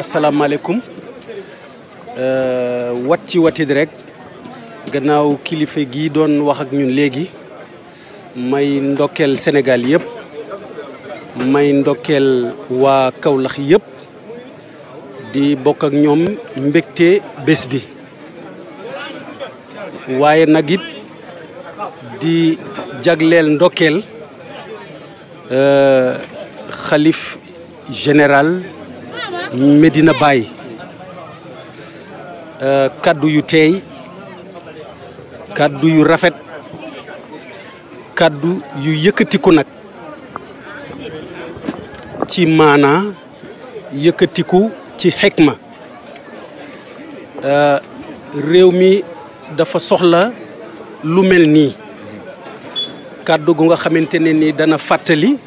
asalaamaaleykum euh, wat ci watit rek gannaaw kilifa gi doon wax ak ñun léegi may ndokkeel Sénégal yëpp may ndokkeel waa kawlax yépp di bokk ak ñoom mbégte bés bi waaye nag it di jagleel ndokkeel euh, xalif général Medina Baye euh, kàddu yu teey kàddu yu rafet kàddu yu yëkkatiku nag ci maanaa yëkkatiku ci xekma euh, réew mi dafa soxla lu mel nii kàddu gu nga xamante ne ni dana fàttali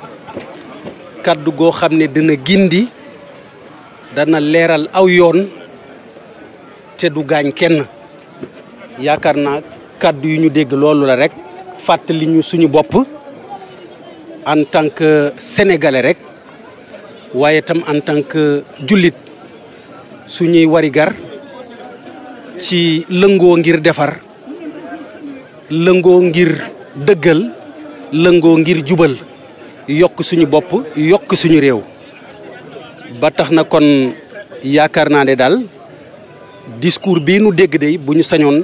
kàddu goo xam ne dana gindi dana leeral aw yoon te du gaañ kenn yaakaar na kàddu yu ñu dégg loolu la rek fàttali ñu suñu bopp en tant que sénégalais rek waaye tam en tant que jullit suñuy warigar ci lëngoo ngir defar lëngoo ngir dëggal lëngoo ngir jubal yokk suñu bopp yokk suñu réew ba tax na kon yaakaar naa ne daal discours bii nu dégg de bu ñu sañoon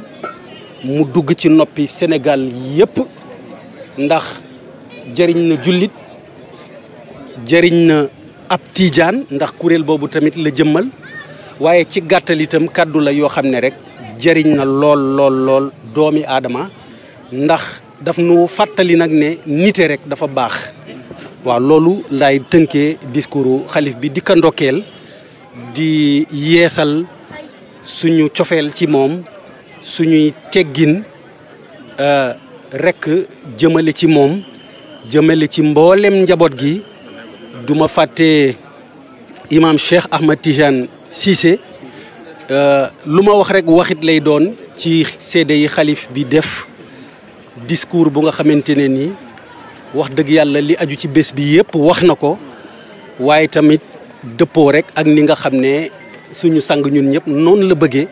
mu dugg ci noppi Sénégal yépp ndax jëriñ na jullit jëriñ na ab tiijaan ndax kuréel boobu tamit la jëmmal waaye ci gàttalitam kàddu la yoo xam ne rek jëriñ na lool lool lool doomi aadama ndax daf nu fàttali nag ne nite rekk dafa baax wa loolu lay teunké Khalif khalif bi di Yesal di yéssal suñu tegin ci moom suñuy euh rek jëmele ci mom jëmele ci mbollem njabot gi duma faté imam cheikh ahmad tijane cissé euh luma wax rek waxit lay doon ci seede yi khalif bi def discours bu nga ni wax dëgg yàlla li aju ci bés bi yëpp wax na ko waaye tamit dëppoo rek ak ni nga xam ne suñu sang ñun ñëpp noonu la bëggee.